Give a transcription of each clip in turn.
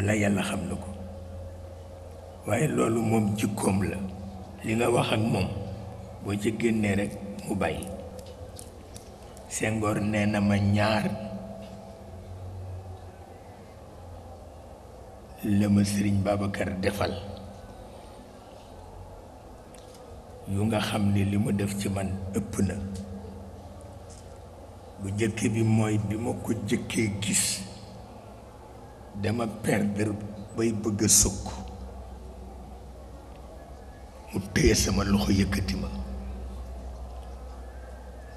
walla yàlla xam na ko waaye loolu moom jikkoom la li nga wax ak moom boo ci génnee rekk mu bàyyi sengoor nee na ma ñaar la ma Sëriñ Babacar defal yu nga xam ni li mu def ci man ëpp na bu jëkk bi mooy bi ma ko jëkkee gis dama perdre bay bëgg sukk mu téye sama loxo yëkkati ma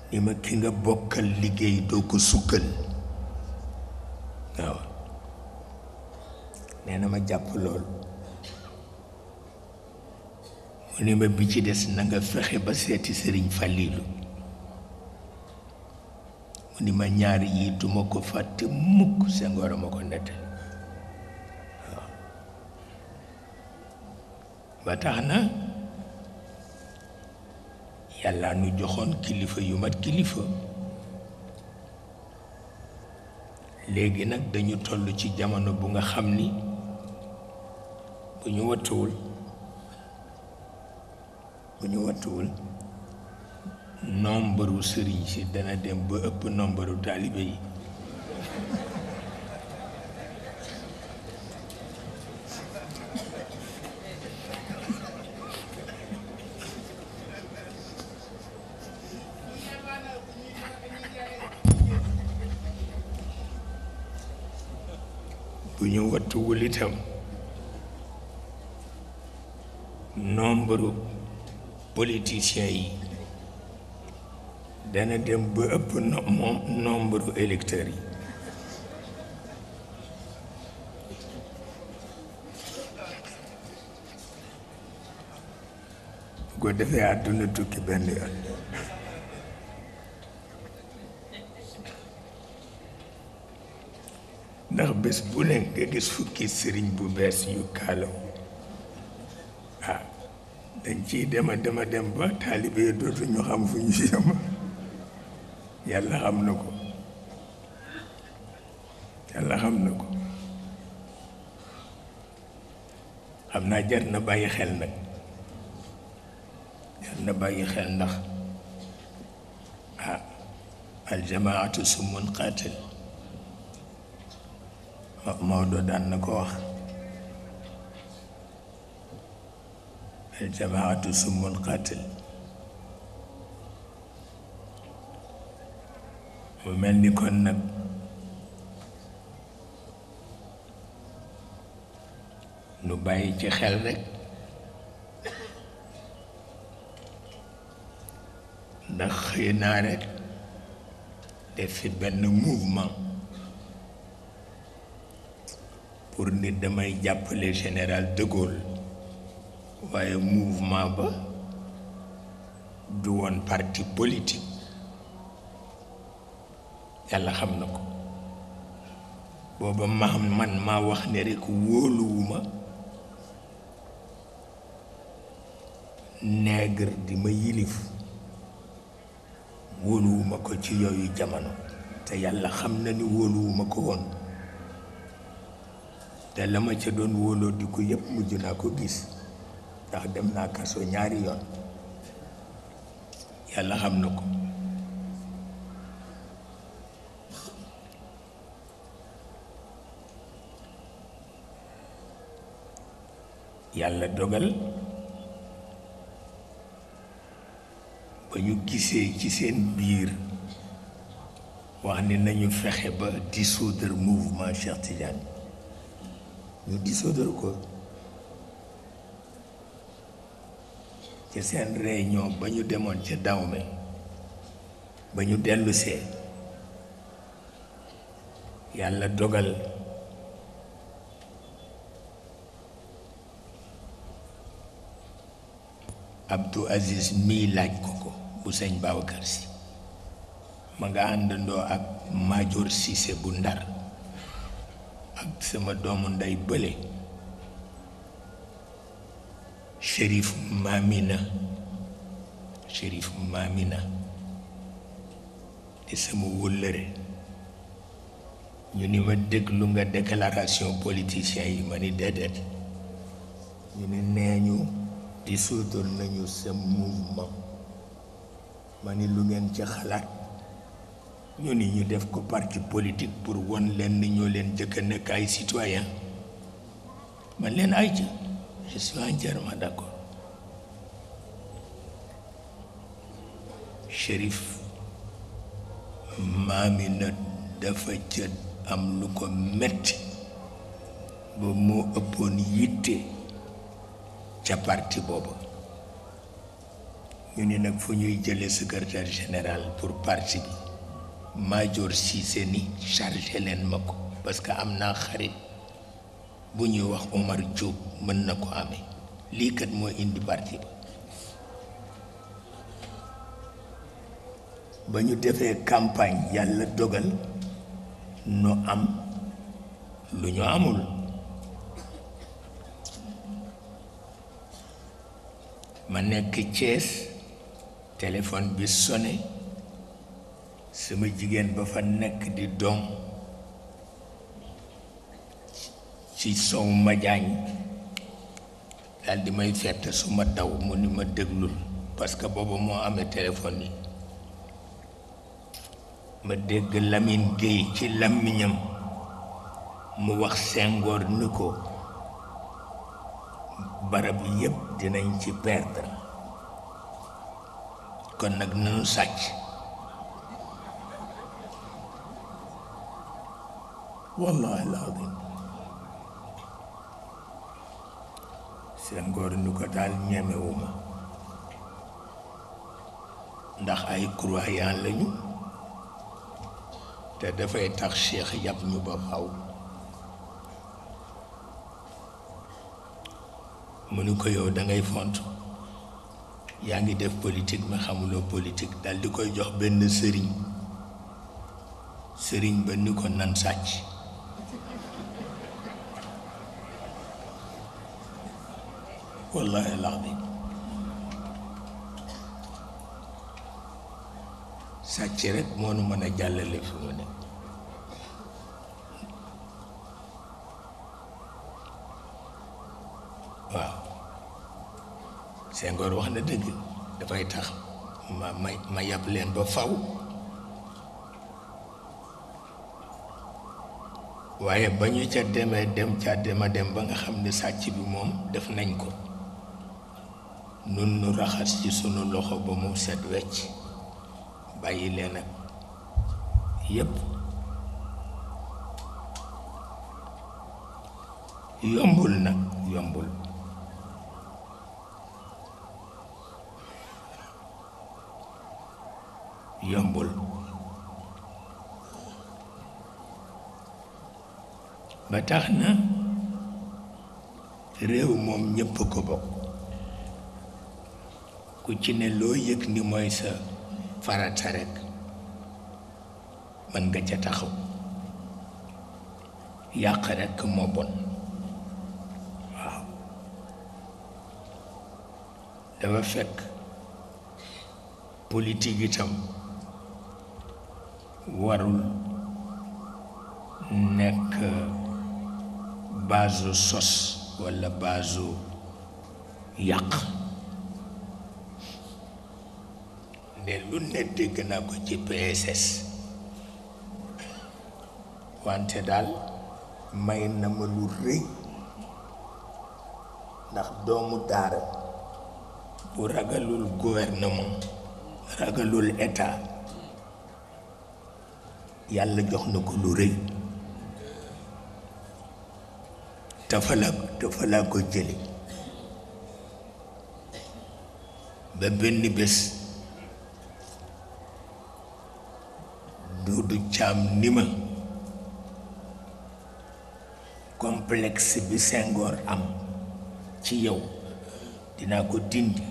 ni ma ki nga bokkal liggéey doo ko sukkal waaw nee na ma jàpp lool mu ne ma bi ci des na fexe ba seeti sëriñ Fàllilu mu ni ma ñaar yi duma ko fàtte mukk sa ngoro ma ko nettal ba tax na yàlla nu joxoon kilifa yu mag kilifa léegi nag dañu tollu ci jamono bu nga xam ni bu ñu wattuwul bu ñu wattuwul nombaru sëriñ si dana dem ba ëpp nombaru taalibe yi politiciens yi dana dem ba ëpp nombru nombre yi bu ko defee àdduna tukki benn yoon ndax bés bu ne nga gis fukki sëriñ bu bees yu kaalaw dañ ciy dema dema dem ba taalibe dootu ñu xam fu ñu yem yàlla xam na ko yàlla xam na ko xam naa jar na bàyyi xel nag jar na bàyyi xel ndax ah aljamaatu sumun qatil Maodo daan na ko wax الجماعة سم القاتل ومن يكون نباي تخيل رك نخينا رك دفي بن موفمان pour ne demain y appeler général de Gaulle waaye mouvement ba du woon parti politique yàlla xam na ko booba maam man maa wax ne rekk wóoluwuma nègre di ma yilif wóoluwuma ko ci yu jamono te yàlla xam na ni wóoluwuma ko woon te la ma ca doon wóoloo di ko yépp mujj naa ko gis ndax dem naa kaso ñaari yoon yàlla xam na ko yàlla dogal ba ñu gisee ci seen biir wax ni nañu fexe ba dissoudre mouvement Cheikh Tidiane ñu dissoudre ko ci seen réunion ba ñu demoon ca Dahomey ba ñu dellusee yàlla dogal Abdou Aziz mii laaj ko ko bu sëñ Babacar si ma nga àndandoo ak Major Cissé bu Ndar ak sama doomu ndey bële Chérif Mamina Chérif Mamina di sama wóllëre ñu ni ma déglu nga déclaration politicien yi ma ni déedéet ñu ni nee ñu di dissoudre nañu sa mouvement ma ni lu ngeen ci xalaat ñu ni ñu def ko parti politique pour won leen ni leen jëkk a nekk ay leen ay ci Je suis entièrement d'accord. Chérif Maamina dafa jël am lu ko metti ba moo ëppoon yitte ca parti boobu ñu ni nag fu ñuy jëlee secrétaire général pour parti bi Major Cissé ni chargé leen ma ko parce am naa xarit bu ñuy wax Omar Diop mën na ko amee lii kat moo indi parti ba ñu defee campagne yàlla dogal nu am lu ñu amul ma nekk cees téléphone bi sone sama jigéen ba fa nekk di doom ci sow ma jaañ daal di may fett su ma daw mu ni ma déglul parce que booba moo amee téléphone yi ma dégg Lamine Gueye ci làmmiñam mu wax Senghor ni ko barab yépp dinañ ci perdre kon nag nu sàcc wallahi alazim seen góor nu ko daal ñemewuma ndax ay croyant lañu te dafay tax cheikh yàpp ñu ba xaw mu ni ko yow dangay font yaa ngi def politique ma xamuloo politique dal di koy jox benn sëriñ sëriñ ba ni ko nan sàcc wallahi alazim sàcc rek moo nu mën a jàllale fi mu ne waaw Senghor wax na dëgg dafay tax ma ma ma yàpp leen ba faw waaye ba ñu ca demee dem ca dema dem ba nga xam ne sàcc bi moom def nañ ko nun nu raxas ci sunu loxo ba mu set wecc bàyyi leen ak yépp yombul nag yombul yombul ba tax na réew moom ñépp ko bokk ku ci ne loo yëg ni mooy sa farata rekk mën nga ca taxaw yàq rekk moo bon waaw dafa fekk politique itam warul nekk baasu sos walla baaso yàq ne lu ne dégg naa ko ci PSS wante daal may na ma lu rëy ndax doomu daara bu ragalul gouvernement ragalul état yàlla jox na ko lu rëy dafa la dafa laa ko jëli ba benn bés duudu caam ni ma complexe bi Senghor am ci yow dinaa ko dindi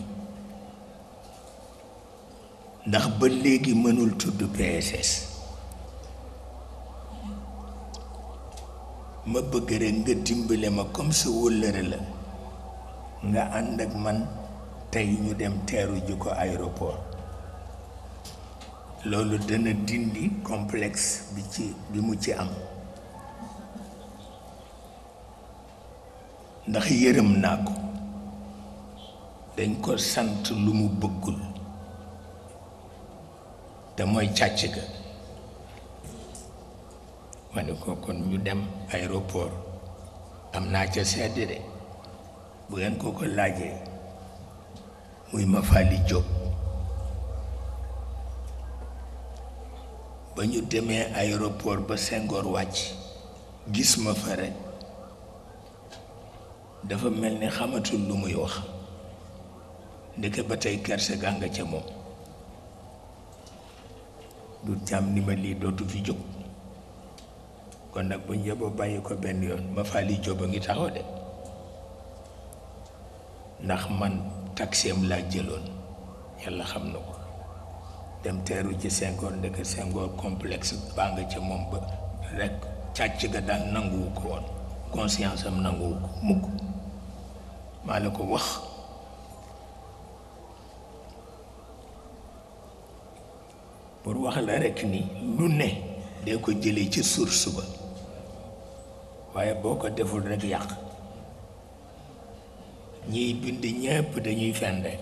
ndax ba léegi mënul tudd PSS ma bëgg rekk nga dimbale ma comme sa wëllëre la nga ànd ak man tey ñu dem teeru ju ko aéroport loolu dana dindi complexe bi ci bi mu ci am ndax yërëm naa ko dañ ko sant lu mu bëggul te mooy càcc ga ma ne ko kon ñu dem aéroport am naa ca sedd de bu ngeen ko ko laajee muy ma fàlli jóg ba ñu demee aéroport ba Senghor wàcc gis ma fa dafa mel ni xamatul lu muy wax ndeke ba tey kersa gaa nga ca moom lu jàmm ni ma lii dootu fi jóg kon nag bu njëboo bàyyi ko benn yoon ma faa lii a ngi taxaw de ndax man taxeem laa jëloon yàlla xam na ko dem teeru ci Senghor ndeke Senghor complexe baa nga ca moom ba rek càcc ga daal nanguwu ko woon conscience am nanguwu ko mukk maa la ko wax pour wax la rek ni lu ne dee ko jëlee ci source ba waaye boo ko deful rek yàq ñiy bind ñépp dañuy fen rek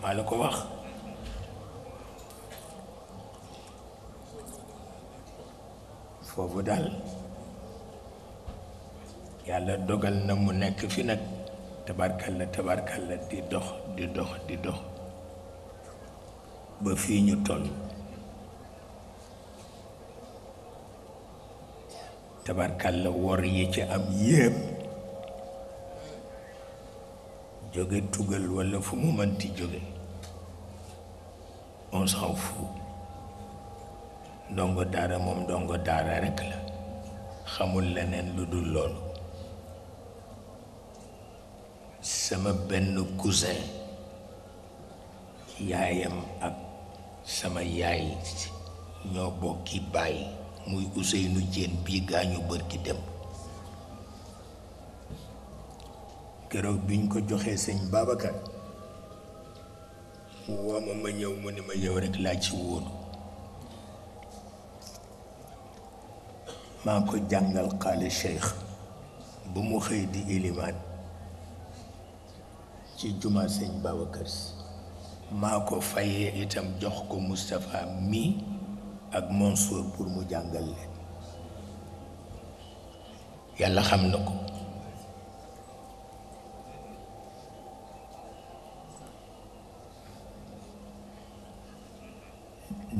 maa la ko wax foofu daal yàlla dogal na mu nekk fi nag tabarkalla tabarkalla di dox di dox di dox ba fii ñu toll tabarkalla wor yi ci am yépp jóge tugal walla fu mu mënti jóge on s'en fout ndongo daara moom ndongo daara rekk la xamul leneen lu dul loolu sama benn cousin yaayam ak sama yaay ñoo bokki bàyyi muy Ousseynou Dieng bii gaañu bër ki dem keroog bi ñu ko joxee sëñ Babacar wooma ma ñëw mu ne ma yow rekk laa ci wóolu maa ko jàngal xaale cheikh bu mu xëy di ilimaan ci juma sëñ Babacar Si maa ko fayee itam jox ko Moustapha mii ak Mansour pour mu jàngal leen yàlla xam na ko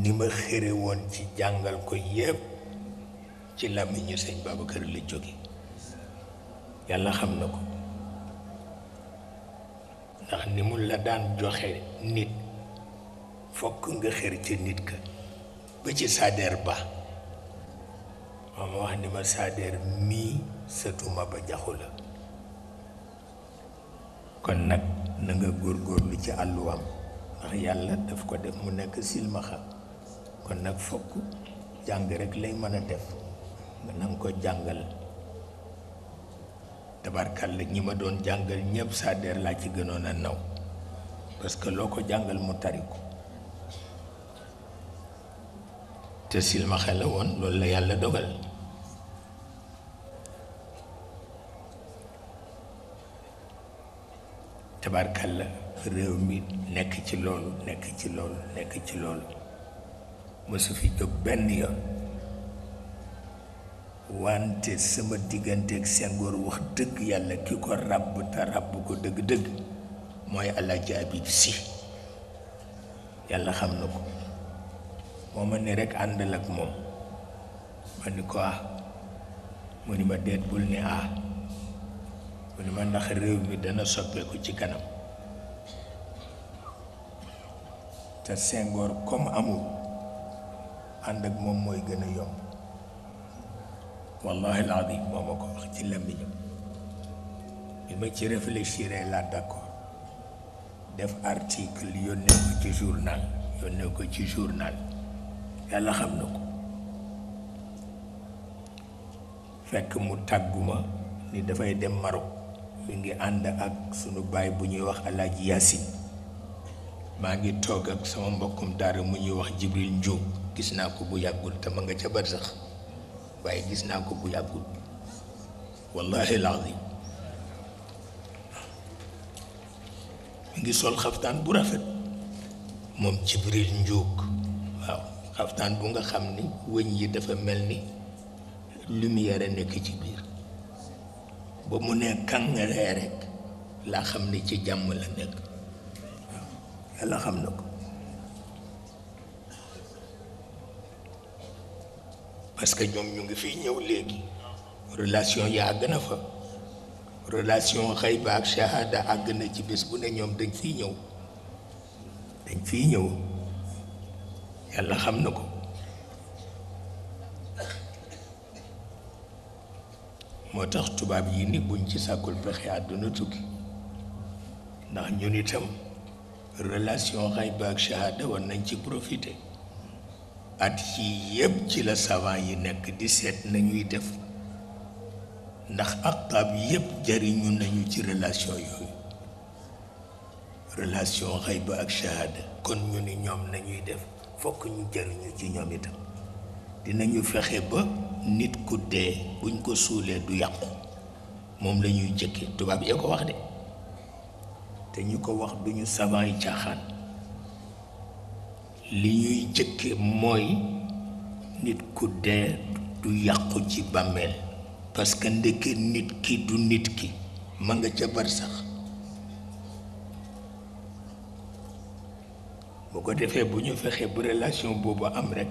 ni ma xëre woon ci jàngal ko yépp ci làmmiñu sëñ Babacar la jóge yàlla xam na ko ndax ni mu la daan joxe nit fokk nga xër ca nit ka ba ci saadeer ba moo ma wax ni ma saadeer mii satuma ba jaxu la kon nag na nga góorgóorlu ci àlluwam ndax yàlla daf ko def mu nekk silmaxa kon nag fokk jàng rek lay mën a def nga nanga ko jàngal tabarkalla ñi ma doon jàngal ñëpp Sadeer laa ci gënoon a naw parce loo ko jàngal mu tari ko te silmaxa la woon loolu la yàlla dogal tabarkalla réew mi nekk ci loolu nekk ci loolu nekk ci loolu mësu fi jóg benn yoon wante sama diggante digganteeg Senghor wax dëgg yàlla ki ko ràbb te ràbb ko dëgg-dëgg mooy Alaaji Habib yàlla xam na ko moo ma ni rekk àndal ak moom ma ni ko ah mu ni ma deet bul ni ah mu ni ma ndax réew mi dana soppeeku ci kanam te Senghor comme amul ànd ak moom mooy gën a yomb wallahi alazim moo ma ko wax ci làmmiñam bi ma ci réfléchir laa d'accord def article yónnee ko ci journal yónnee ko ci journal yàlla xam na ko fekk mu tàgguma ni dafay dem marok mi ngi ànd ak sunu baay bu ñuy wax Alaaji Yaasin maa ngi toog ak sama mbokkum daara mu ñuy wax Jibril Njóob gis naa ko bu yàggul te ma nga ca bar waaye gis naa ko bu yàggul wallahi lazim mi ngi sol xaftaan bu rafet moom Jibril Njuug waaw xaftaan bu nga xam ni wëñ yi dafa mel ni lumière a nekk ci biir ba mu ne kàngaree rek laa xam ni ci jàmm la nekk yàlla xam na ko parce que ñoom ñu ngi fiy ñëw léegi relation yi àgg na fa relation xayba ak shahada àgg na ci bés bu ne ñoom dañ fiy ñëw dañ fiy ñëw yàlla xam na ko moo tax tubaab yi ni buñ ci sàkkul pexe àdduna tukki ndax ñun itam relation xayba ak shahada war nañ ci profiter at yi yëpp ci la savant yi nekk di seet nañuy def ndax ak aqtaab yëpp jariñu nañu ci relation yooyu relation xayba ak shahada kon ñu ni ñoom nañuy def fokk ñu jariñu ci ñoom itam dinañu fexe ba nit ku dee buñ ko suulee du yàqu moom lañuy ñuy jëkke tubaab yee ko wax de te ñu ko wax duñu savant yi caaxaan li ñuy jëkke mooy nit ku dee du yàqu ci bàmmeel parce que ndeke nit ki du nit ki ma nga ca bar boo ko defee bu ñu fexee bu relation boobu am rek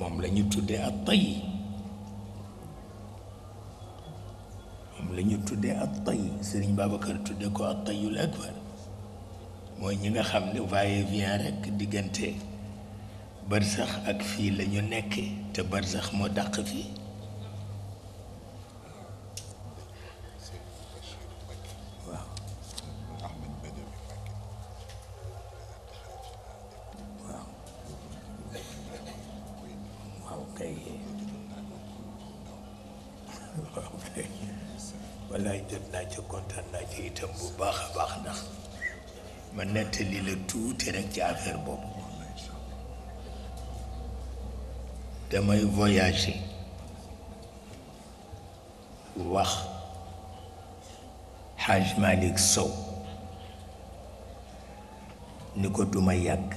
moom lañu ñu tuddee ak tay moom la ñu tuddee ak tay Sëriñ Babacar tudde ko ak tayul akbar mooy ñi nga xam ne va-et-vient diggante barsax ak fii lañu ñu nekk te barsax moo dàq fii may voyager wax Haj Malick Sow ni ko duma yàgg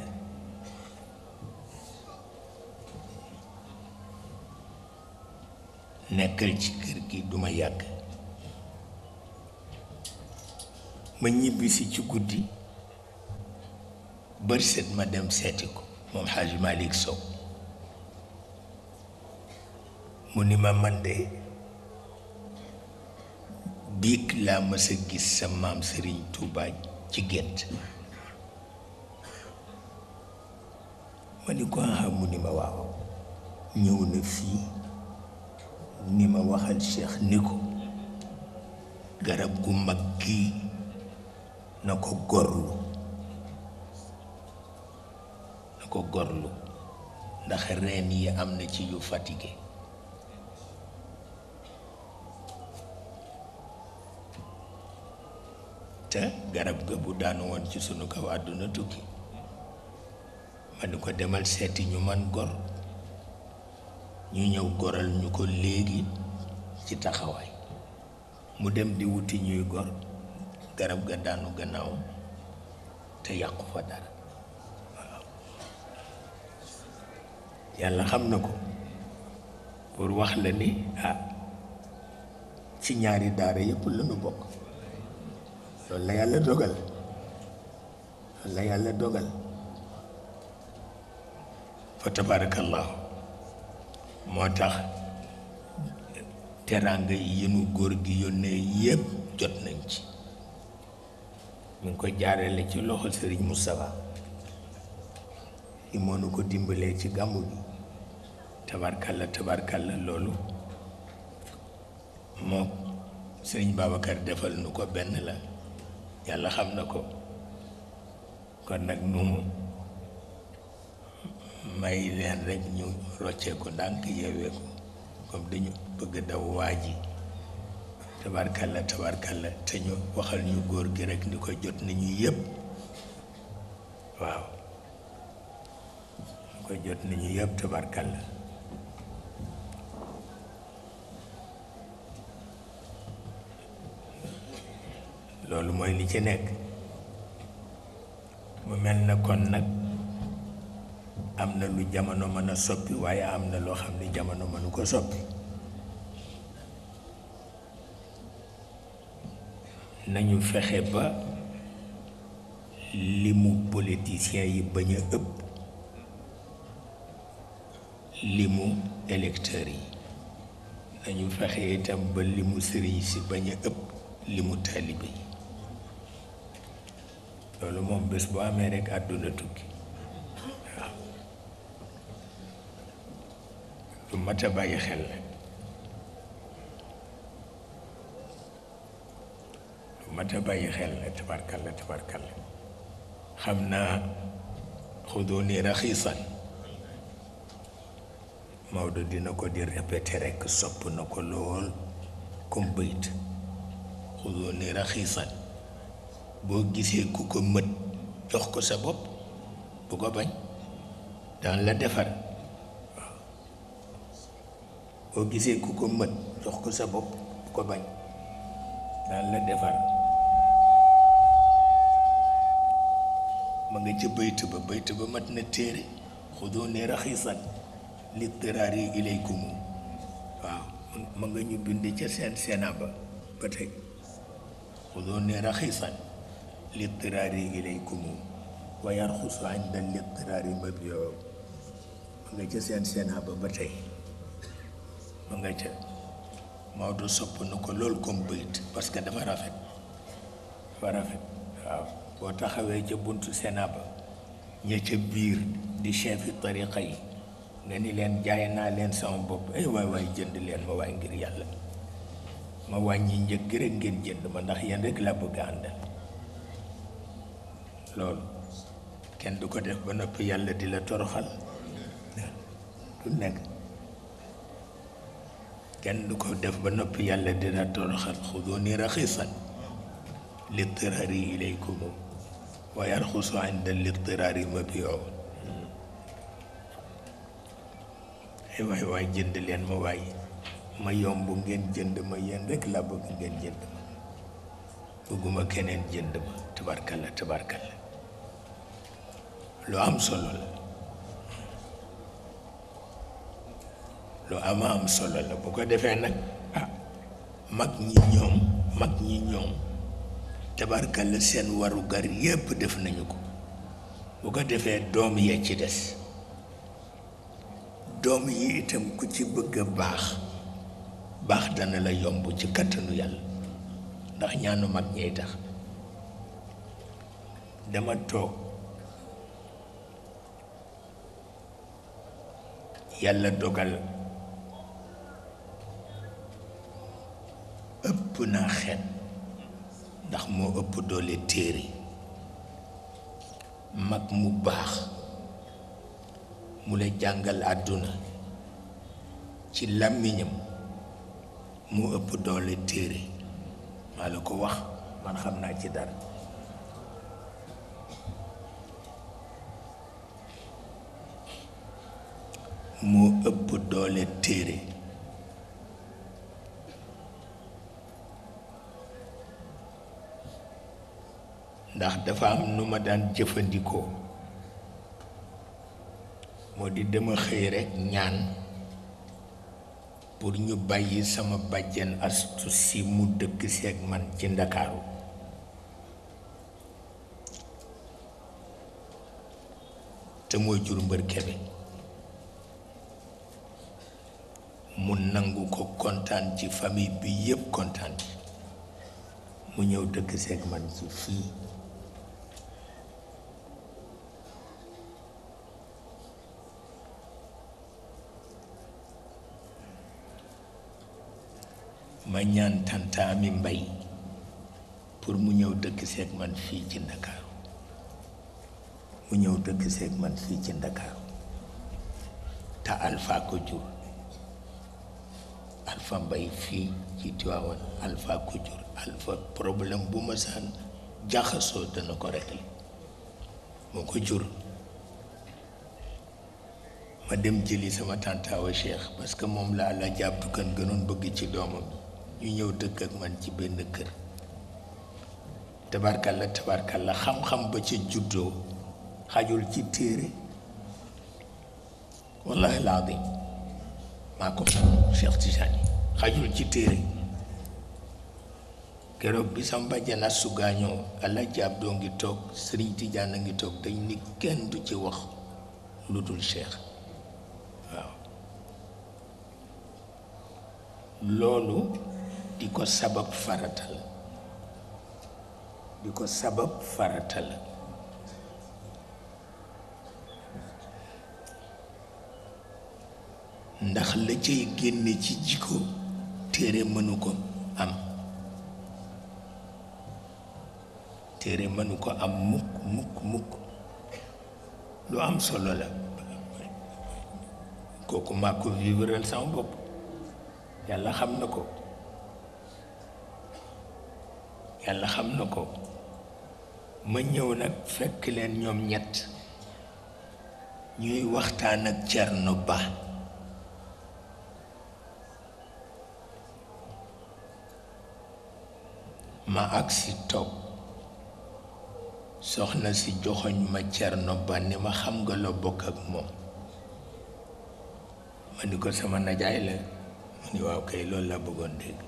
nekkal ci kër gi duma yàgg ma ñibbisi ci guddi bërset ma dem seeti ko moom Haj Malick Sow mu ni ma man de biig laa mës gis sa maam Serigne Touba ci gént ma ni ko xam mu ni ma waaw ñëw na fii ni ma waxal Cheikh ni ko garab gu mag gii na ko gorlu na ko gorlu ndax reen yi am na ci yu fatigué te garab ga bu daanu woon ci sunu kaw àdduna tukki ma ni ko demal seeti ñu man gor ñu ñëw goral ñu ko léegi ci taxawaay mu dem di wuti ñuy gor garab ga daanu gannaaw te yàqu fa dara yàlla xam na ko pour wax la ni ah ci ñaari daara yëpp la bokk loolu la yàlla dogal loolu fa tabarakallahu moo tax teraanga yenu góor gi yónnee yépp jot nañ ci ñu ngi ko jaarale ci loxo sëriñ Moustapha yi moo nu ko dimbalee ci gàmmu gi tabarkalla tabarkalla loolu moo sëriñ Babacar defal nu ko benn la yàlla xam na ko kon nag nu may leen rek ñu rocceeku ndànk yeewee ko comme dañu bëgg daw waa ji tabarkalla tabarkalla te ñu waxal ñu góor gi rek ni ko jot nañu yëpp waaw ko jot nañu yëpp tabarkalla loolu mooy li ci nekk mu mel na kon nag am na lu jamono mën a soppi waaye am na loo xam ne jamono mënu ko soppi nañu fexe ba li mu politiciens yi bañ a ëpp li mu électeurs yi nañu fexe itam ba li mu sëriñ si bañ a ëpp li mu taalibe yi loolu moom bés bu amee rekk àdduna tukki waaw lu mat a bàyyi xel la lu mat a bàyyi xel la tabarkalla tabarkalla xam naa xuduuni raxiisan Maodo dina ko di répété rekk sopp na ko lool comme bayt xuduuni raxiisan boo gisee ku ko mët jox ko sa bopp bu ko bañ daan la defar waaw boo ko mët jox ko sa bopp ko bañ daan la defar ma nga ca baytu ba baytu ba mat na téere xuduuni raxisan littiraari ilaykum waaw ma nga ñu bind ca seen sena ba ba tey xuduuni raxisan littiraari ilaykumu wa yarxusu inda littiraari mabdiu ma nga ca seen seen haba ba tey ma nga ca Maodo sopp na ko lool comme bëyit parce que dama rafet dafa rafet waaw boo taxawee ca buntu senaa ba ña ca biir di chefi tariqa yi nga ni leen jaay naa leen sama bopp ay waay waay jënd leen ma waay ngir yàlla ma wàññi njëg rek ngeen jënd ma ndax yéen rek laa bëgg àndal loolu kenn du ko def ba noppi yàlla di la toroxal du nekk kenn du ko def ba noppi yàlla di la toroxal xuduuni raxisan littiraari ilaykum wa yarxusu inda littiraari mabiu ay waay waay jënd leen ma waay ma yomb ngeen jënd ma yéen rek laa bëgg ngeen jënd ma bëgguma keneen jënd ma tabarkalla tabarkalla lu am solo la lu ama am solo la bu ko defee nag ah mag ñi ñoom mag ñi ñoom tabarkalla seen warugar yépp def nañu ko bu ko defee doom yee ci des doom yi itam ko ci bëgg a baax baax dana la yomb ci kattanu yàlla ndax ñaanu mag ñey tax dama toog yàlla dogal ëpp na xet ndax moo ëpp doole téere mag mu baax mu la jàngal àdduna ci làmmiñam moo ëpp doole téere maa la ko wax man xam naa ci dara moo ëpp doole téere ndax dafa am nu ma daan jëfandikoo moo di dema xëy rekk ñaan pour ñu bàyyi sama bàjjen astu si mu dëkk seeg man ci ndakaaru te mooy jur mbër kebe nangu ko kontaan ci famille bi yépp kontaan ci mu ñëw dëkk seeg fii ma ñaan tantaami mbay pour mu ñëw dëkk seeg fii ci ndakaaru mu ñëw dëkk seeg man fii ci ndakaaru te alfa ko jur alpha mbay fii ci Tiwaawan alpha ku alpha problème bu ma saan jaxasoo dana ko réglé moo ko jur ma dem jëli sama tantaawa Cheikh parce que moom la la jàpp kan gënoon bëgg ci doomam ñu ñëw dëkk ak man ci benn kër tabarkalla tabarkalla xam-xam ba ci juddoo xajul ci téere wallahi laa maa ko Cheikh xajul ci téere keroog bi sama bàjjan a sugaañoo Alaaji Abdoo ngi toog Sëriñ Tijaan a ngi toog dañ ni kenn du ci wax lu dul Cheikh waaw loolu di ko sabab farata la di ko sabab farata la ndax la cay génne ci jikko téere mënu ko am téere mënu ko am mukk mukk mukk lu am solo la kooku maa yi wëral sama bopp yàlla xam na ko yàlla xam na ko ma ñëw nag fekk leen ñoom ñett ñuy waxtaan ak Cerno Ba ma agsi toog soxna si joxoñ ma cerno ba ma xam nga la bokk ak moom ma ni ko sama najaay la mu ni waaw kay loolu laa bëggoon dégg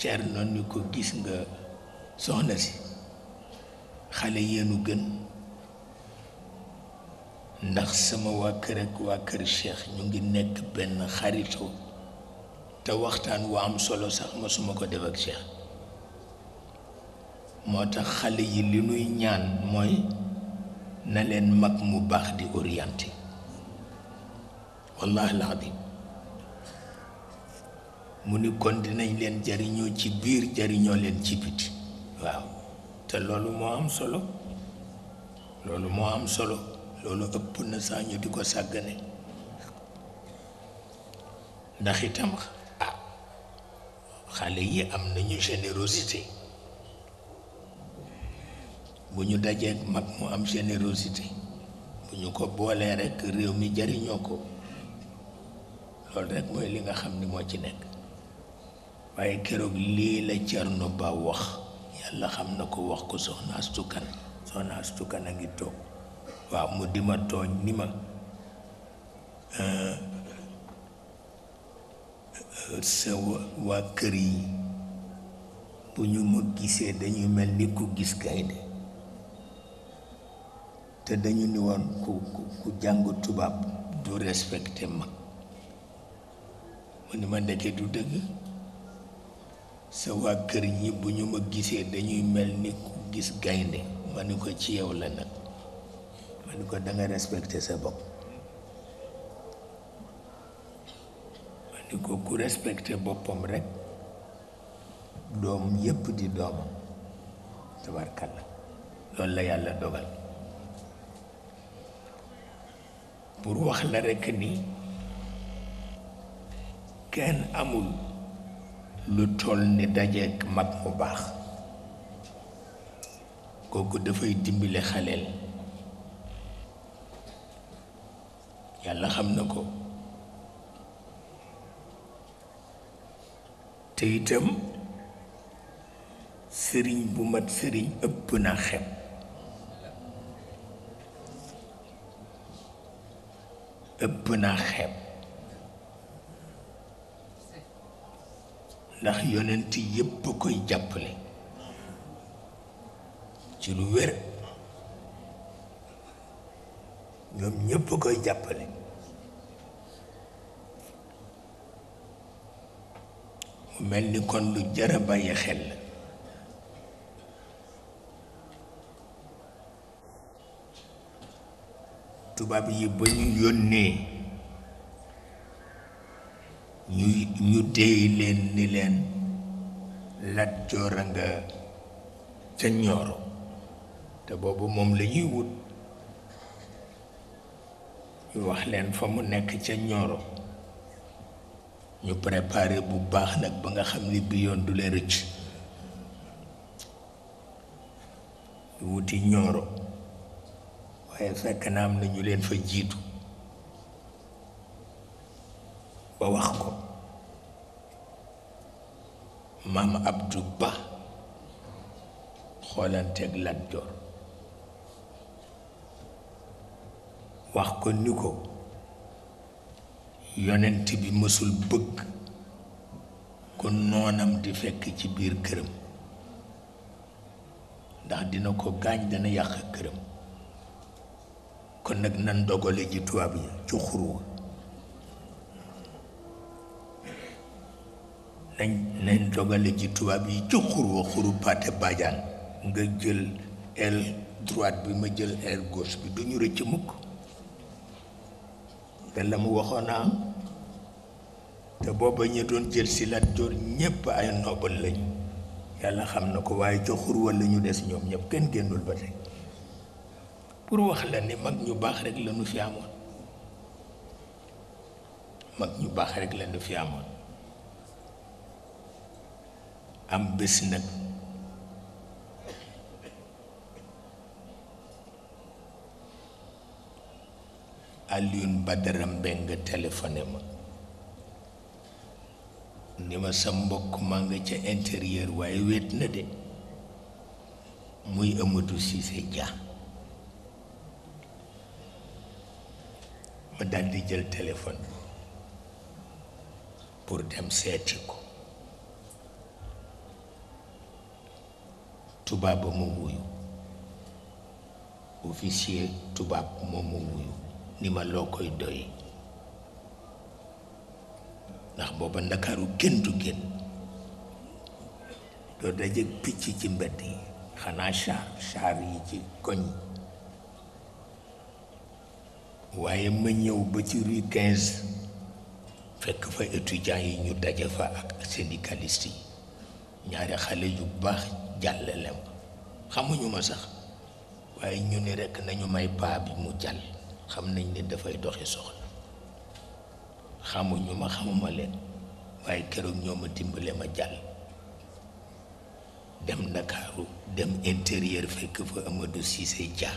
cerno ni ko gis nga soxna si xale yéenu gën ndax sama waa kër ak waa kër Cheikh ñu ngi nekk benn xaritoo te waxtaan wu am solo sax ma suma ko def ak Cheikh moo tax xale yi li nuy ñaan mooy na leen mag mu baax di orienté wallahi alazim mu ni kon dinañ leen jariñoo ci biir jariñoo leen ci biti waaw te loolu moo am solo loolu moo am solo loolu ëpp na sax ñu di ko sàggane ndax itam xale yi am na ñu générosité bu ñu dajee mag mu am générosité bu ñu ko boolee rekk réew mi jariñoo ko loolu rekk mooy li nga xam ni moo ci nekk waaye keroog lii la Thierno Ba wax yàlla xam na ko wax ko soxna Astou soxna Astou a ngi toog waaw mu di ma tooñ ni ma euh, sa waa kër yi bu ñu ma gisee dañuy mel ni ku gis gaynde te dañu ni woon ku ku jàng tubaab du respecté mag mu ni ma ndeke du dëgg sa waa kër yi bu ñu ma gisee dañuy mel ni ku gis gaynde ma ni ko ci yow la nag ma ni ko danga respecte sa bopp ni ko ku respecté boppam rekk doom yépp di doomam tabarkalla loolu la yàlla dogal pour wax la rekk ni kenn amul lu toll ni dajeek mag mu baax kooku dafay dimbale xaleel yàlla xam na ko te itam sëriñ bu mat sëriñ ëpp na xepp ëpp na xepp ndax yonent yépp koy jàppale ci lu wér ñoom ñépp koy jàppale mel ni kon lu jar a bàyyi xel tubaab yi ba ñu yónnee ñu ñu déy leen ni leen Lat Joor a nga ca Ñooro te boobu moom la ñuy wut ñu wax leen fa mu nekk ca Ñooro ñu préparé bu baax nag ba nga xam ni bi yoon du leen rëcc ñu wuti ñooro waaye fekk na am na ñu leen fa jiitu ba wax ko maam Abdou Ba xoolanteeg Lat Joor wax ko ni ko yonent bi mësul bëgg ko noonam di fekk ci biir këram ndax dina ko gaañ dana yàq këram kon nag nan dogale ji tubaab yi ci xuru nañ nañ dogale ji tubaab yi ci xuru xuru pate bajaan nga jël aile droite bi ma jël aile gauche bi duñu rëcc mukk te la mu waxoon am te booba ñu doon jël si Lat Joor ñépp ay noble lañu yàlla xam na ko waaye ca xurwa la ñu des ñoom ñëpp kenn génnul ba tey pour wax la ni mag ñu baax rek la ñu fi amoon mag ñu baax rekk la ñu fi amoon am bés nag Alioune Badara Mbengue téléphoné ma ni ma sa mbokk maa nga ca intérieur waaye wéet na de muy Amadou Cissé Dia ma daldi jël téléphone pour dem seeti ko tubaaba mu ma wuyu officier tubaab moo ma wuyu ni ma loo koy doy ndax booba ndakaaru kenn du génn doo dajeek picc ci mbedd yi xanaa char char yi ci koñ waaye ma ñëw ba ci rue quinze fekk fa étudiants yi ñu daje fa ak syndicaliste yi ñaari xale yu baax jàllale ma xamuñu ma sax waaye ñu ni rekk nañu may paa bi mu jàll xam nañ ne dafay doxe soxla xamuñu ma xamuma leen waaye keroog ñoo ma dimbale ma jàll dem Ndakaaru dem intérieur fekk fa Amadou Cissé Dia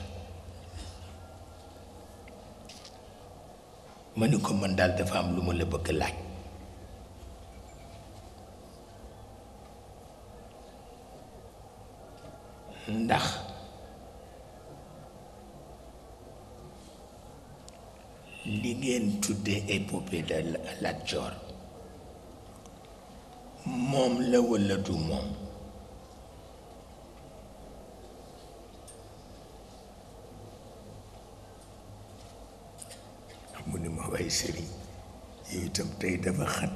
ma ni ko mën daal dafa am lu ma la bëgg laaj ndax li ngeen tuddee épopée de Lat Joor moom la walla du moom mu ni ma waay sëriñ yow itam tey dafa xat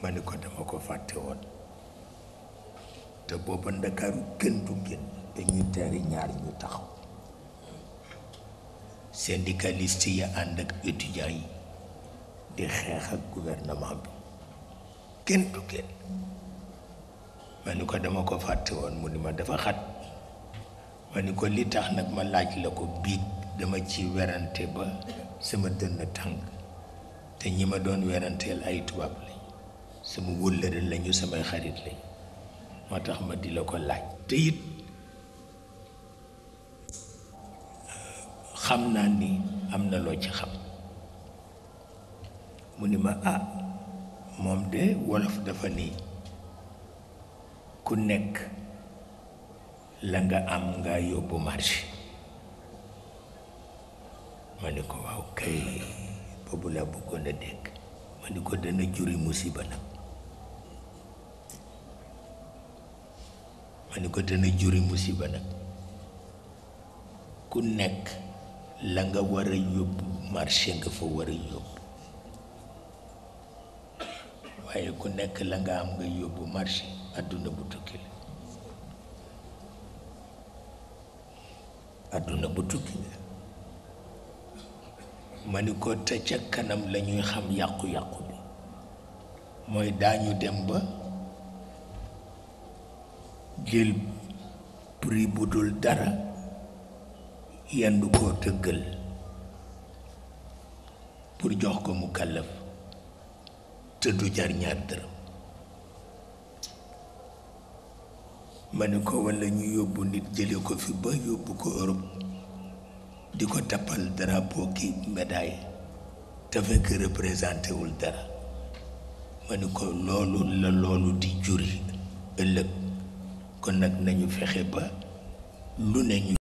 ma ne ko dama ko fàtte woon te booba ndakaaru kenn du génn dañuy teeri ñaar ñu taxaw syndicaliste yi ànd ak étudiants yi di xeex ak gouvernement bi kenn du kenn ma ni ko dama ko fàtte woon mu ni ma dafa xat ma ni ko li tax nag ma laaj la ko biig dama ci werante ba sama dënn tànk te ñi ma doon weranteel ay tubaab lañ sama wëllëre lañu samay xarit lañ moo tax ma di la ko laaj te xam naa ni am na loo ci xam mu ni ma ah moom de wolof dafa nii ku nekk la nga am nga yóbbu marché ma ni ko waaw kay boobu bëggoon a dégg ma ni ko dana juri musiba nag ma ni ko dana juri musiba nag ku nekk la nga war a yóbbu marché nga fa war a yóbbu waaye ku nekk la nga am nga yóbbu marché àdduna bu tukki la àdduna bu tukki la ma ni ko te ca kanam la ñuy xam yàqu-yàqu bi mooy daañu dem ba jël prix bu dul dara yendu koo tëggal pour jox ko mu kàllaf te du jar ñaar dërëm ma ni ko walla ñu yóbbu nit jële ko fi ba yóbbu ko Europe di ko tappal drapeau ki médaille te fekk représenté wul dara ma ne ko loolu la loolu di juri ëllëg kon nag nañu fexe ba lu ne ñu